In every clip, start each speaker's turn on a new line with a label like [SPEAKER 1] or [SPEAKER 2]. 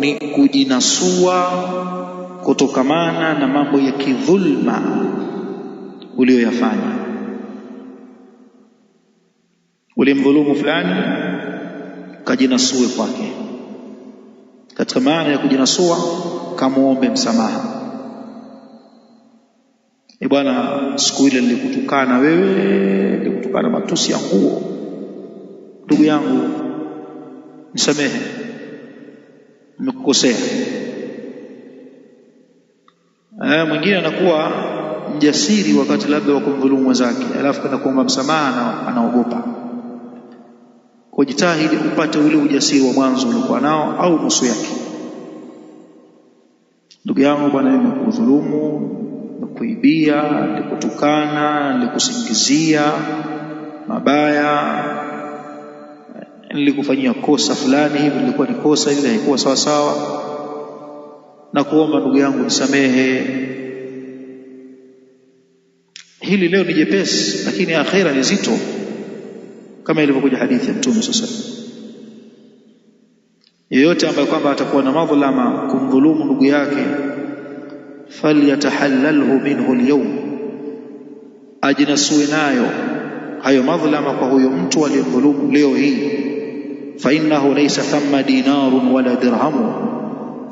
[SPEAKER 1] ni kujinasua kutokamana na mambo ya kidhulma uliyoyafanya. Ulimdhulumu fulani, kajinasue kwake. Katika maana ya kujinasua, kamwombe msamaha. E bwana, siku ile nilikutukana wewe, nilikutukana matusi ya nguo, ndugu yangu, nisamehe kukosea. Eh, mwingine anakuwa mjasiri wakati labda wa kumdhulumu mwenzake, alafu kana kuomba msamaha anaogopa. kujitahidi upate ule ujasiri wa mwanzo uliokuwa nao au nusu yake. Ndugu yangu, bwana, nimekudhulumu, nikuibia, nikutukana, nikusingizia mabaya nilikufanyia kosa fulani hivi, nilikuwa ni kosa ile, haikuwa sawa sawa, na kuomba ndugu yangu nisamehe. Hili leo ni jepesi, lakini akhera ni zito, kama ilivyokuja hadithi ya Mtume sasa yeyote ambaye kwamba atakuwa na madhlama kumdhulumu ndugu yake, falyatahallalhu minhu alyawm, ajinasue nayo hayo madhlama kwa huyo mtu aliyemdhulumu leo hii fa innahu laysa thamma dinarun wala dirhamu,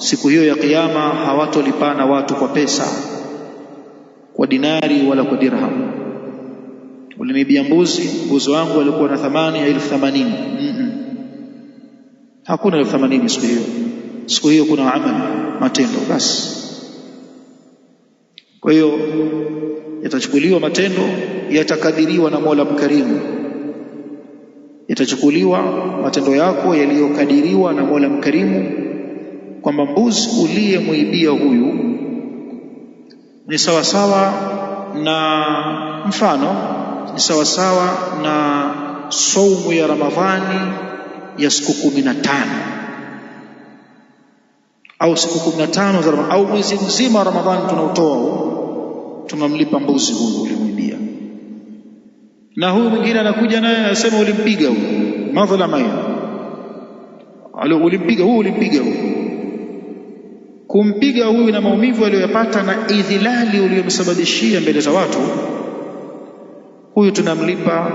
[SPEAKER 1] siku hiyo ya Kiyama hawatolipana watu kwa pesa, kwa dinari wala kwa dirhamu. Ulinibia mbuzi, mbuzi wangu walikuwa na thamani ya elfu themanini. mm -mm. Hakuna elfu themanini siku hiyo. Siku hiyo kuna amali, matendo basi. Kwa hiyo yatachukuliwa matendo, yatakadiriwa na Mola Mkarimu yatachukuliwa matendo yako yaliyokadiriwa na Mola Mkarimu, kwamba mbuzi uliyemwibia huyu ni sawasawa na mfano, ni sawasawa na saumu ya Ramadhani ya siku kumi na tano au siku kumi na tano au mwezi mzima wa Ramadhani tunautoa, tunamlipa mbuzi huyu ulimwibia na huyu mwingine anakuja naye anasema ulimpiga huyu, madhalama hiyo alo, ulimpiga huyu, ulimpiga huyu. Kumpiga huyu na maumivu aliyoyapata na idhilali uliyomsababishia mbele za watu, huyu tunamlipa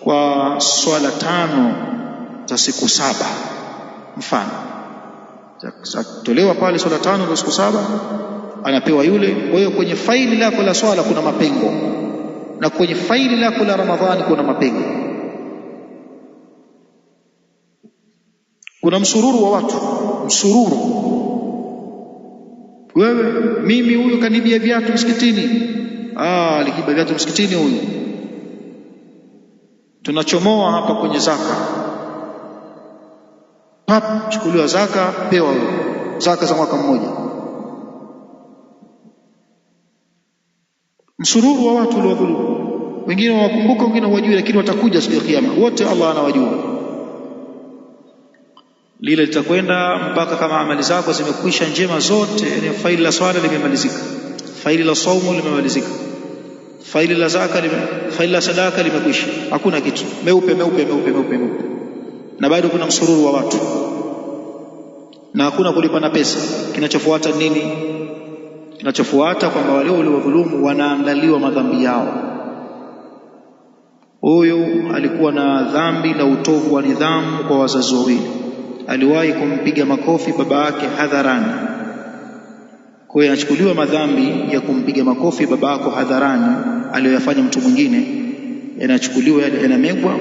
[SPEAKER 1] kwa swala tano za siku saba. Mfano atolewa pale swala tano za siku saba, anapewa yule. Kwa hiyo kwenye faili lako la swala kuna mapengo na kwenye faili lako la Ramadhani kuna mapengo, kuna msururu wa watu, msururu wewe, mimi, huyu kanibia viatu msikitini, ah, alikiba viatu msikitini huyu, tunachomoa hapa kwenye zaka, pap, chukuliwa zaka, pewa zaka za mwaka mmoja msururu wa watu waliodhulumu, wengine wawakumbuka, wengine wajui, lakini watakuja siku ya Kiyama, wote Allah anawajua. Lile litakwenda mpaka kama amali zako zimekwisha njema zote, yani faili la swala limemalizika, faili la saumu limemalizika, faili la zaka lime, faili la sadaka limekwisha, hakuna kitu, meupe meupe meupe meupe meupe, na bado kuna msururu wa watu na hakuna kulipa na pesa. Kinachofuata nini? Kinachofuata kwamba wale waliowadhulumu wanaangaliwa madhambi yao. Huyu alikuwa na dhambi la utovu wa nidhamu kwa wazazi wawili. Aliwahi kumpiga makofi baba yake hadharani. Kwa hiyo anachukuliwa madhambi ya kumpiga makofi baba yako hadharani aliyoyafanya mtu mwingine, yanachukuliwa yanamegwa,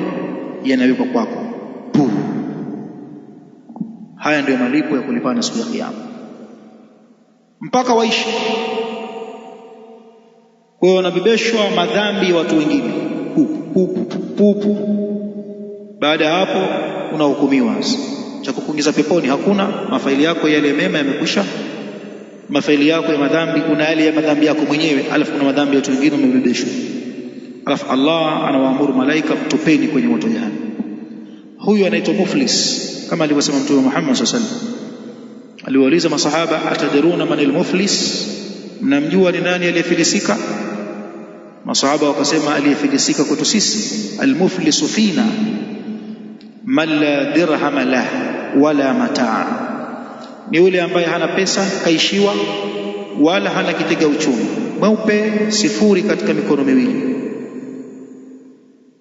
[SPEAKER 1] yanawekwa kwako. Haya ndiyo malipo ya kulipana siku ya Kiyama mpaka waishi. Kwa hiyo wanabebeshwa madhambi ya watu wengine huku, baada ya hapo unahukumiwa. Sasa cha kukuingiza peponi hakuna. Mafaili yako yale mema yamekwisha, mafaili yako ya madhambi, kuna yale ya madhambi yako mwenyewe, alafu kuna madhambi ya watu wengine umebebeshwa. Alafu Allah anawaamuru malaika, mtupeni kwenye moto jahannam. Huyu anaitwa muflis, kama alivyosema Mtume Muhammad sallallahu alaihi wasallam aliwauliza masahaba, atadruna man almuflis, mnamjua ni nani aliyefilisika? Masahaba wakasema, aliyefilisika kwetu sisi almuflisu fina man la dirhama lah wala mataa, ni yule ambaye hana pesa kaishiwa, wala hana kitega uchumi, mweupe sifuri katika mikono miwili,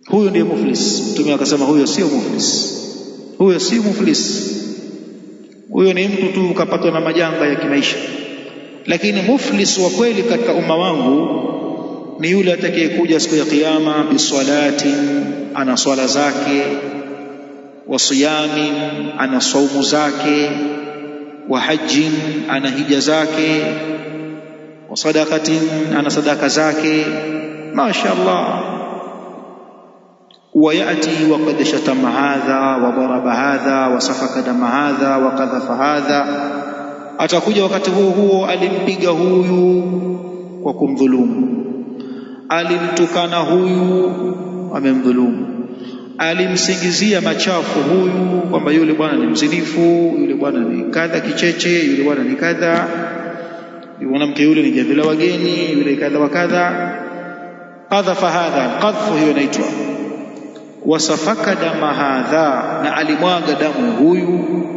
[SPEAKER 1] huyo ndiye muflis. Mtume akasema, huyo sio muflis, huyo si muflis huyo ni mtu tu ukapatwa na majanga ya kimaisha. Lakini muflis wa kweli katika umma wangu ni yule atakayekuja siku ya Kiyama, bisalati, ana swala zake, wa siyami, ana saumu zake, wa hajin, ana hija zake, wa sadakatin, ana sadaka zake, masha Allah wayati waqad shatama hadha daraba hadha safaka dama hadha wakadhafa hadha, atakuja wakati huo huo alimpiga huyu kwa kumdhulumu, alimtukana huyu amemdhulumu, alimsingizia machafu huyu kwamba yule bwana ni mzinifu, yule bwana ni kadha kicheche, yule bwana ni kadha, mwanamke yule ni jamvi la wageni, yule kadha wa kadha. Kadhafa hadha, kadhfu hiyo inaitwa wasafaka dama hadha, na alimwaga damu huyu.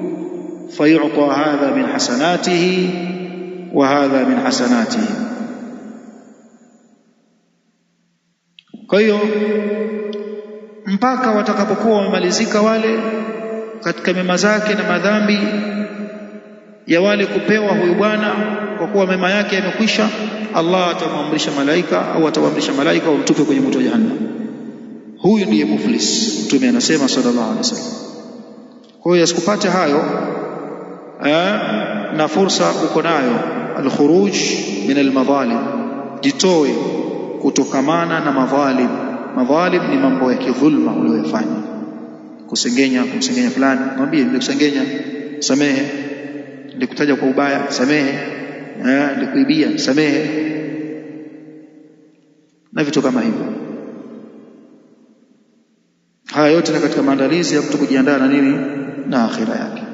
[SPEAKER 1] Fayuta hadha min hasanatihi wa hadha min hasanatihi. Kwa hiyo mpaka watakapokuwa wamemalizika wale katika mema zake na madhambi ya wale kupewa huyu bwana, kwa kuwa mema yake yamekwisha, Allah atamwamrisha malaika au atawaamrisha malaika wamtupe kwenye moto wa Jahannam. Huyu ndiye muflis, Mtume anasema sallallahu alaihi wasallam. Kwa hiyo yasikupate hayo eh, na fursa uko nayo, alkhuruj min almadhalim, jitoe kutokamana na madhalim. Madhalim ni mambo ya kidhulma uliyofanya, kusengenya, kumsengenya fulani, mwambie nilikusengenya, samehe, nilikutaja kwa ubaya, samehe, eh, nilikuibia, samehe, na vitu kama hivyo haya yote na katika maandalizi ya mtu kujiandaa na nini na akhira yake.